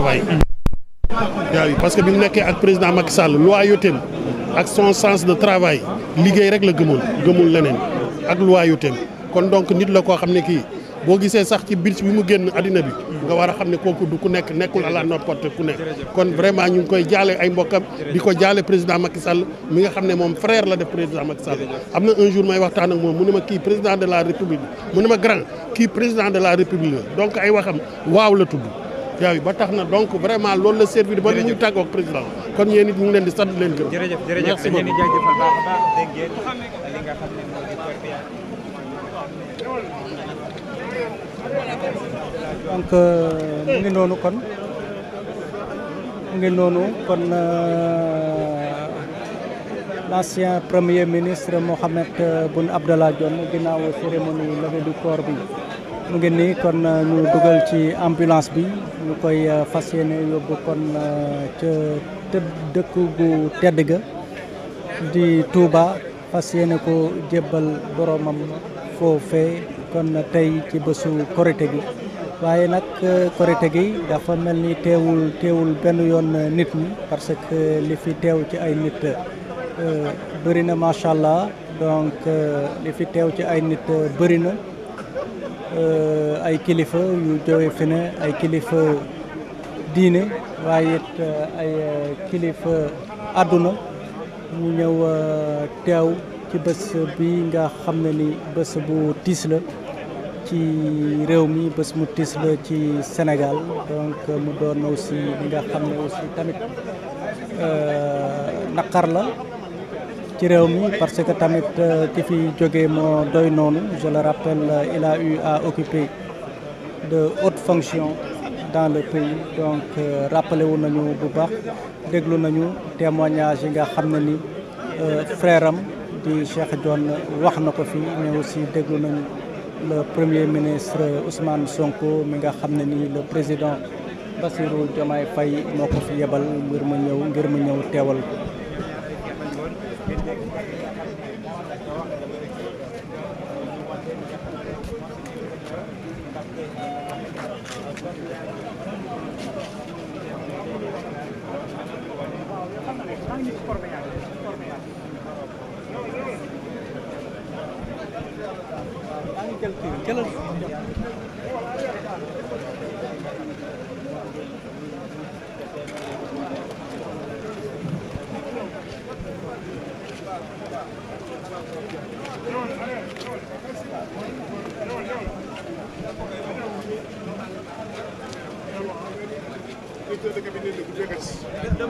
travail parce que bi mu nekkee ak président Macky Sall loyauté ak son sens de travail liggéey rek la gëmoon gëmul leneen ak loyauté kon donc nit la koo xam ne kii boo gisee sax ci biir bi mu génn addina bi nga war a xam ne kooku du ku nekk nekkul à la n'importe ku nekk kon vraiment ñu ngi koy jaale ay mbokkam di ko jaale président Macky Sall mi nga xam ne moom frère la def président Macky Sall am na un jour may waxtaan ak moom mu ne ma kii président de la république mu ma grand kii président de la république donc ay waxam waaw la tudd yooyu ba tax na donc vraiment loolu la servir ba li muy tàggoog président kon yéen it ñu leen di sant leen gërëm. jërëjëf jërëjëf dañ leen di jaajëfal baax a baax euh, mu ngi noonu kon mu ngi noonu kon euh, l'ancien premier ministre Mohamed euh, Boun Abdallah Dionne ginnaaw cérémonie levée du corps bi mu ngi nii kon ñu dugal ci ambulance bi ñu koy euh, fas yéene yóbbu kon euh, ca tëdd dëkk gu tedd ga di Touba fas yéene ko jébbal boromam foofee kon na tey ci bésu korite gi waaye nag euh, korite gi dafa mel ni teewul teewul benn yoon nit ñi parce que li fi teew ci ay nit bëri na macha allah donc li fi teew ci ay nit bëri na Euh, ay kilifa yu jóge fi ne ay kilifa diine waaye it euh, ay euh, kilifa àdduna ñu ñëw teew ci bés bi nga xam ne ni bés bu tiis la ci réew mi bés mu tiis la ci senegal donc mu doon aussi li nga xam ne aussi tamit naqar la ci réew mi parce que tamit euh, ki fi jógee moo doy noonu je le rappelle il a eu à occuper de hautes fonction dans le pays donc euh, rappelé wu nañu bu baax déglu nañu témoignage yi nga xam na ni euh, frère am di Cheikh Dione wax na ko fii mais aussi déglu nañu le premier ministre Ousmane Sonko mi nga xam ne ni le président Bassirou Diomaye Faye moo ko fi yebal ngir mu ñëw ngir mu ñëw teewal Gracias.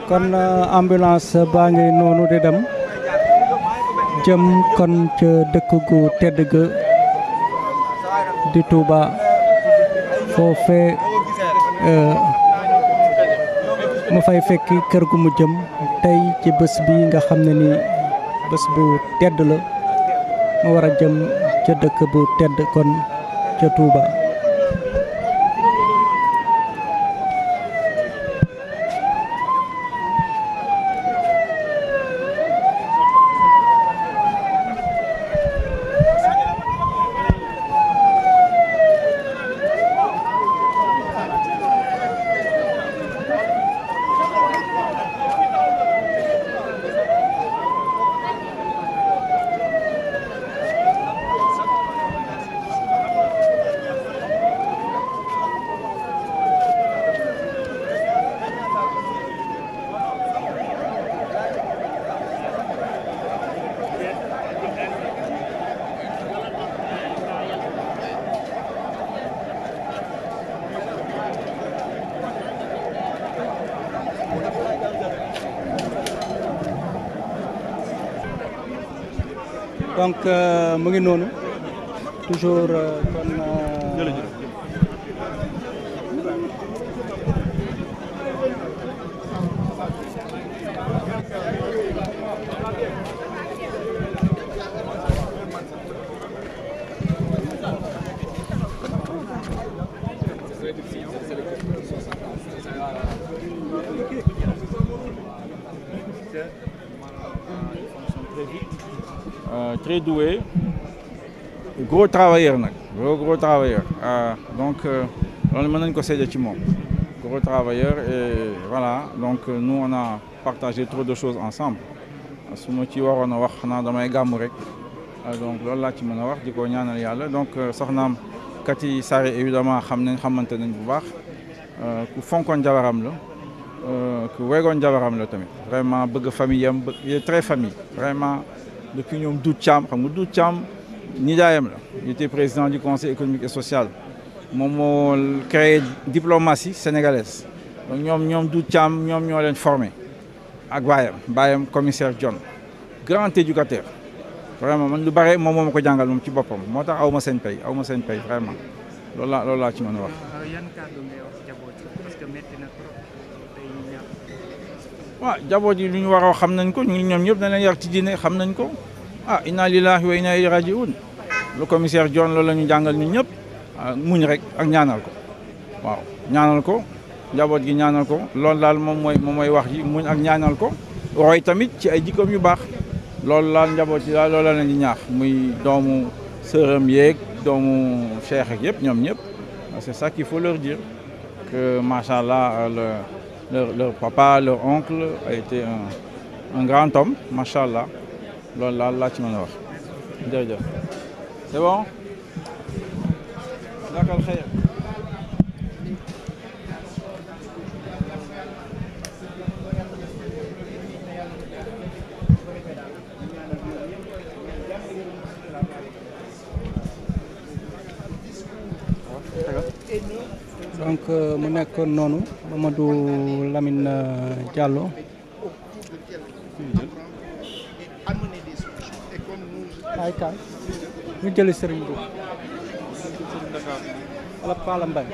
kon euh, ambulance baa ngi noonu di dem jëm kon ca dëkk gu tedd ga di Touba foofe euh, ma fay fekk kër gu mu jëm tey ci bés bi nga xam ne ni bés bu tedd la ma war a jëm ca dëkk bu tedd kon ca Touba donc euh, mu ngi noonu toujours euh, kon. Très euh, vite. Euh, très doué gros travailleur nag gros gros travailleur ah, donc euh, loolu mën nañ ko seede ci moom gros travailleur et voilà donc euh, nous on a partagé trop de choses ensemble su ma ci waroon a wax xanaa damay gàmm rek ah, donc loolu laa ci mën a wax di ko ñaanal yàlla donc soxnaam Kati Sarr évidemment xam nañ xamante nañ bu baax ku fonkoon jabaram la ku weegoon jabaram la tamit vraiment bëgg famille yam très famille vraiment depuis ñoom du Thiam xam nga Dout Thiam nijaayam la il président du conseil économique et social moom moo créé diplomatie sénégalaise donc ñoom ñoom Dout Thiam ñoom ñoo leen formé ak baayam baayam commissaire John grand éducateur vraiment man lu bare moom moom ma ko jàngal moom ci boppam moo tax aw ma seen pay aw ma seen pay vraiment loolu laa loolu laa ci mën a wax. Euh, waaw ah, jaboot ji lu ñu waroo xam nañ ko ñu ñoom ñëpp dañ leen yar ci diine xam nañ ko ah inna lillahi wa inna ilayhi rajiun le commissaire John loolu la ñu jàngal ñu ñëpp ah, muñ rek ak ñaanal ko waaw ñaanal ko jaboot gi ñaanal ko loolu laal moom mooy moom mooy wax ji muñ ak ñaanal ko roy tamit ci ay jikkoom yu baax loolu laal njaboot yi daal loolu la leen ñaax muy doomu sërëm yéeg doomu cheikh ak yëpp ñoom ñëpp ah, c'est ça qu'il faut leur dire que macha allah leur, papa leur oncle a été un, grand homme macha allah loolu laa laa ci mën a wax jërëjëf c'est donc euh, mu nekkoon noonu Mamadou Lamine euh, Diallo. ay kaay ñu jëli sëriñ bi wala Pala Mbaye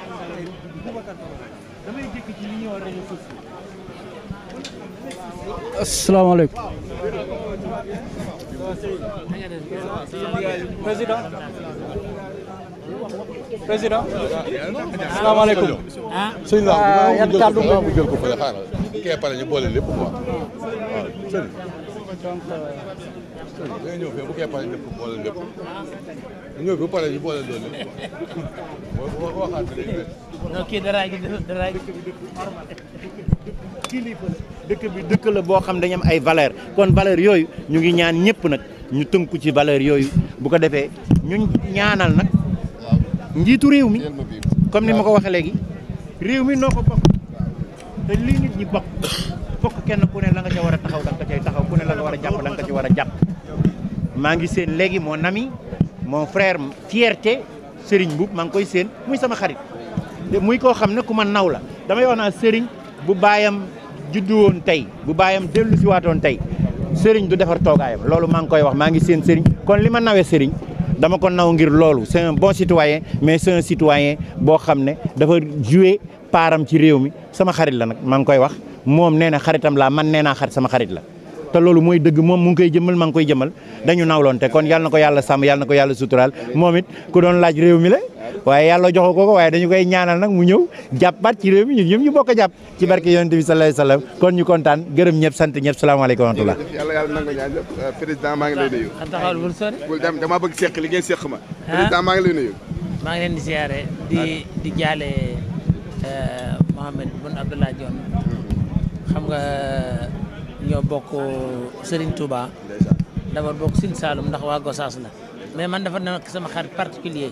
asalaamaaleykum président asalaamaaleykum. ah sëñ la ah, yan kàddu nga ñu jël ko fële xaaral kee pare ñu boole lépp quoi. bi ñëw fii bu pare ñu boole lépp. ñëw bu pare ñu boole lépp quoi. boo waxaat léegi. non kii daraay gi dëkk la boo xam dañu am ay valeur kon valeur yooyu ñu ngi ñaan ñëpp nag ñu tënku ci valeur yooyu bu ko defee ñu ñaanal nag. njiitu réew mi comme ni ma ko waxee léegi réew mi noo ko bokk te lii nit ñi bokk fokk kenn ku ne la nga ca war a taxaw da nga cay taxaw ku ne la nga war a jàpp nga ci war a jàpp maa ngi seen léegi mon ami mon frère fierté sëriñ Mboup maa ngi koy seen muy sama xarit muy koo xam ne ku man naw la damay wax naa Serigne bu baayam juddu woon tey bu baayam dellu si waatoon tey Serigne du defar toogaayam loolu maa ngi koy wax maa ngi seen Serigne kon li ma nawee Serigne dama ko naw ngir loolu c'est un bon citoyen mais c'est un boo xam ne dafa joué paaram ci réew mi sama xarit la nag maa ngi koy wax moom nee na xaritam laa man nee naa xarit sama xarit la te loolu mooy dëgg moom mu ngi koy jëmal maa ngi koy jëmal dañu nawloon te kon yal na ko yàlla sàmm yal na ko yàlla suturaal moom it ku doon laaj réew mi la waaye yàlla joxo ko ko waaye dañu koy ñaanal nag mu ñëw jàppaat ci réew mi ñu ñëpp ñu bokk a jàpp ci barke yonent bi sallallahu alayhi wasallam ñu kontaan gërëm ñëpp sant ñëpp salaamaaleykum wa rahmatullah yàlla yàlla nangu ñaan euh, président maa ngi lay nuyu ah, taxawal bul sori bul dem dama bëgg seq li ngeen seq ma ah. maa ngi maa ngi di siyaare di di jaale euh, Mohamed Boun Abdallah Dionne hmm. xam nga ñoo bokk Serigne Touba d'abord bokk Sine Saalum ndax waa Gosaas la mais man dafa nekk sama xarit particulier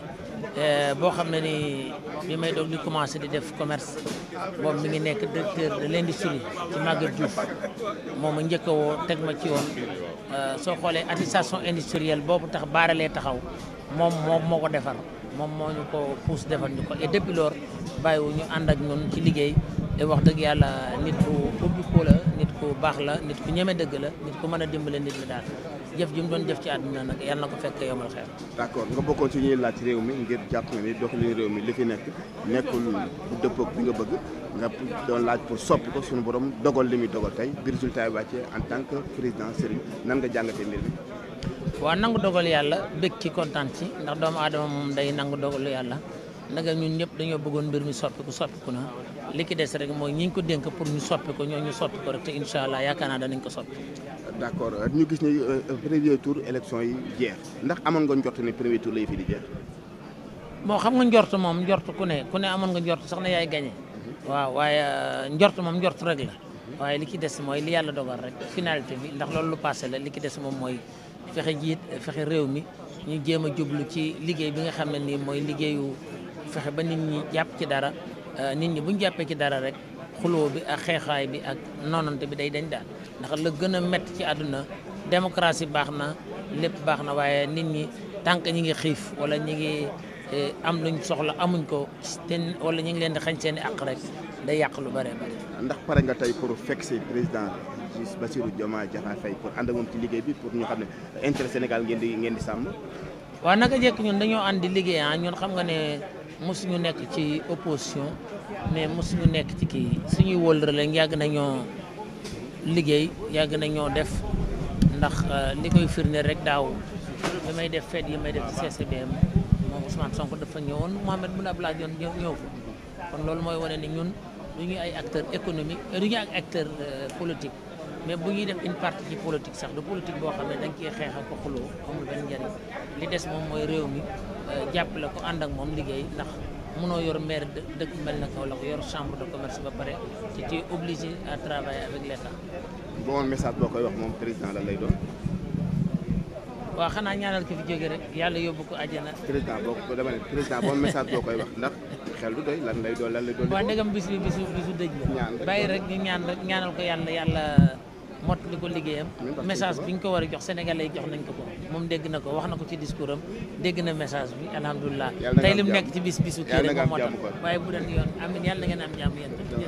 eh, boo xam ne ni bi may doog di commencé di def commerce boobu mi ngi nekk directeur de l'industrie ci Maguette Diouf moom ma njëkk a woo teg ma ci woon eh, soo xoolee attestation industrielle boobu tax baaralee taxaw moom moo moo ko defar moom moo ñu ko puus defar ñu ko et depuis lors ñu ànd ak ñun ci liggéey te wax dëgg yàlla nit ku ubbi ko la ku baax la nit ku ñeme dëgg la nit ku mën a dimbale nit ñi daal jëf ji doon jëf ci àdduna nag yàlla na ko fekk yomal xeer. d'accord nga bokkoon ci ñuy laaj réew mi ngir jàpp nga ni doxalin li fi nekk nekkul bu dëppoog bi nga bëgg nga doon laaj pour soppi ko suñu borom dogal li muy dogal tey bi résultat yi wàccee en tant que président Serigne nan nga jàngatee mbir mi. waaw yàlla bég ci kontaan ci ndax doomu aadama moom day nangu dogalu yàlla nag ñun ñëpp dañoo bëggoon mbir mi soppiku soppiku na li ki des rek mooy ñi ñu ko dénk pour ñu soppi ko ñoo ñu soppi ko rek te incha allah yaakaar naa ko soppi. d' ñu gis ne euh, premier tour yi jeex ndax amoon nga njort ne premier tour lay fi di xam nga njort moom njort ku ne ku ne amoon nga njort sax ne yaay gagné. waaw waaye euh, njort moom njort rek la. li ci des mooy li yàlla dogal rek finalité bi ndax loolu lu passé la li ki des moom mooy fexe jiit fexe réew mi ñu jéem a jublu ci liggéey bi nga xam ne nii mooy liggéeyu fexe ba nit ñi jàpp ci dara. Euh, nit ñi bu ñu jàppee ci dara rek xuloo bi ak xeexaay bi ak noonante bi day dañ daal ndax la gën a métti ci àdduna démocratie baax na lépp baax na waaye nit ñi tànk ñi ngi xiif walla ñi ngi eh, am luñ soxla amuñ ko te wala ñi ngi leen di xañ seen i rek day yàq lu bare ndax pare nga tey pour fekk si président Bassirou Diomaye Diakhar Faye pour ànd ak ci liggéey bi pour ñu xam ne intérêt Sénégal ngeen di ngeen di sàmm. waaw naka jekk ñun dañoo ànd liggéey ah ñun xam nga ne. mosuñu nekk ci opposition mais mosuñu nekk ci kii suñuy wóllëre lañ yàgg nañoo liggéey yàgg nañoo def ndax euh, li koy firndeel rek daaw bi may def fête yi may def ci CCBM moom Ousmane Sonko dafa ñëwoon Mouhamed Boun Abdallah Dionne ñëw fa kon loolu mooy wane ni ñun du ñuy ay acteur économique euh, du ñuy ay acteur euh, politique mais bu ñuy def une partie ci politique sax du politique boo xam ne dañ cee xeex ak ko xuloo amul benn njëriñ li des moom mooy réew mi jàppale ko ànd ak moom liggéey ndax mënoo yor maire dëkk mel na Kaolack yor chambre de commerce ba pare te tu es obligé à travailler avec l'État. bon message boo koy wax moom président la lay doon. waaw xanaa ñaanal ki fi jóge rek ko àjjana. président boo ko dama ne président bon message boo koy wax ndax xel du doy lan lay doon lan lay doon. waaw ndegam bis bi bisu dëj la. ñaan rek bàyyi rek ñu ñaan rek ñaanal ko yàlla yàlla. mot li ko liggéeyam message bi ñu ko war a jox sénégalais yi jox nañ ko moom dégg na ko wax na ko ci discours am dégg na message bi alhamdulilah tey li mu nekk ci bis bisu kii rek moo tax waaye bu doon yoon amin yàlla na ngeen am jàmm yéen